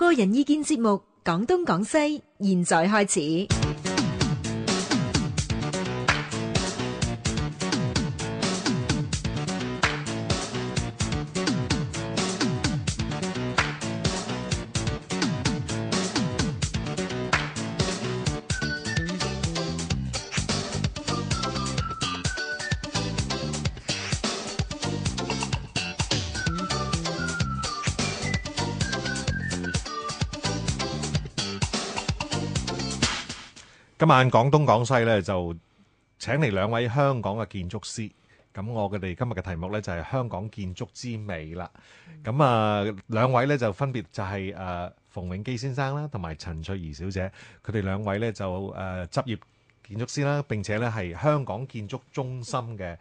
個人意見節目，講東講西，現在開始。今晚廣東廣西咧就請嚟兩位香港嘅建築師，咁我哋今日嘅題目咧就係香港建築之美啦。咁啊，兩位咧就分別就係誒馮永基先生啦，同埋陳翠儀小姐。佢哋兩位咧就誒執業建築師啦，並且咧係香港建築中心嘅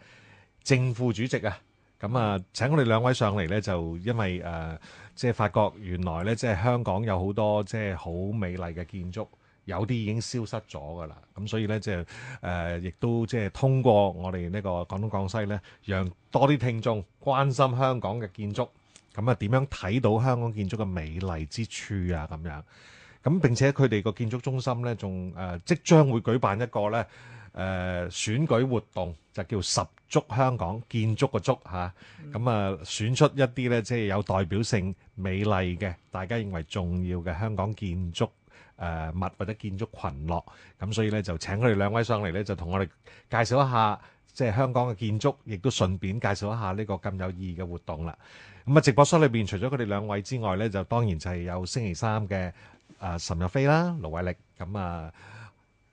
正副主席啊。咁啊，請我哋兩位上嚟咧，就因為誒即係發覺原來咧即係香港有好多即係好美麗嘅建築。有啲已經消失咗㗎啦，咁所以咧即係誒，亦都即係通過我哋呢個廣東廣西咧，讓多啲聽眾關心香港嘅建築，咁啊點樣睇到香港建築嘅美麗之處啊咁樣，咁並且佢哋個建築中心咧仲誒即將會舉辦一個咧誒選舉活動，就叫十足香港建築個足嚇，咁啊選出一啲咧即係有代表性、美麗嘅，大家認為重要嘅香港建築。誒、呃、物或者建築群落，咁所以呢，就請佢哋兩位上嚟呢，就同我哋介紹一下，即係香港嘅建築，亦都順便介紹一下呢個咁有意義嘅活動啦。咁、嗯、啊，直播室裏邊除咗佢哋兩位之外呢，就當然就係有星期三嘅誒岑逸飛啦、盧偉力。咁啊，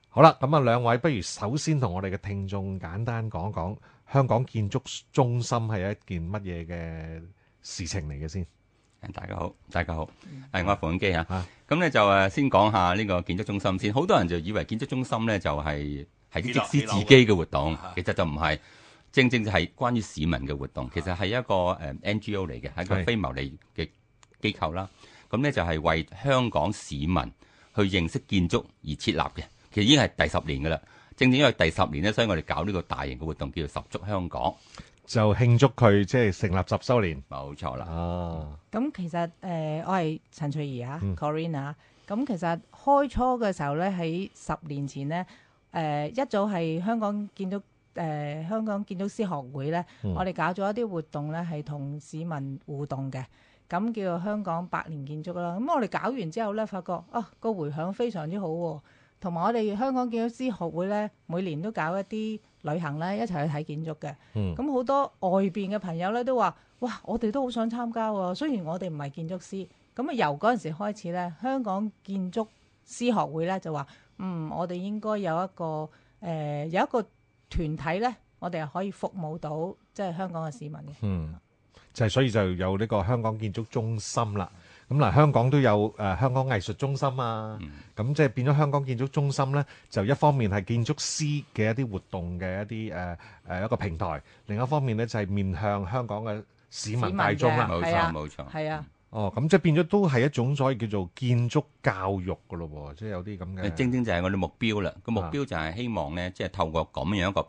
好啦，咁啊兩位不如首先同我哋嘅聽眾簡單講講香港建築中心係一件乜嘢嘅事情嚟嘅先？大家好，大家好，係、嗯哎、我係馮永基啊。咁咧就誒，先講下呢個建築中心先。好多人就以為建築中心咧就係係即使自己嘅活動，其實就唔係，正正就係關於市民嘅活動。啊、其實係一個誒 NGO 嚟嘅，係、啊、一個非牟利嘅機構啦。咁咧是就係為香港市民去認識建築而設立嘅。其實已經係第十年噶啦。正正因為第十年咧，所以我哋搞呢個大型嘅活動，叫做十足香港。就慶祝佢即係成立十週年，冇錯啦、啊。哦，咁其實誒、呃，我係陳翠儀啊，Corina 啊。咁其實開初嘅時候咧，喺十年前咧，誒、呃、一早係香港建築誒、呃、香港建築師學會咧，嗯、我哋搞咗一啲活動咧，係同市民互動嘅，咁叫做香港百年建築啦。咁、嗯、我哋搞完之後咧，發覺啊個回響非常之好喎、啊。同埋我哋香港建築師學會呢，每年都搞一啲旅行呢，一齊去睇建築嘅。嗯，咁好多外邊嘅朋友呢，都話：哇！我哋都好想參加喎。雖然我哋唔係建築師，咁、嗯、啊由嗰陣時開始呢，香港建築師學會呢，就話：嗯，我哋應該有一個誒、呃、有一個團體呢，我哋係可以服務到即係、就是、香港嘅市民嘅。嗯，就係、是、所以就有呢個香港建築中心啦。咁嗱，香港都有誒香港藝術中心啊，咁即係變咗香港建築中心咧，就一方面係建築師嘅一啲活動嘅一啲誒誒一個平台，另一方面咧就係面向香港嘅市民大眾啦，冇錯冇錯，係啊。哦，咁即係變咗都係一種所謂叫做建築教育嘅咯喎，即係有啲咁嘅。正正就係我哋目標啦，個目標就係希望咧，即係透過咁樣一個。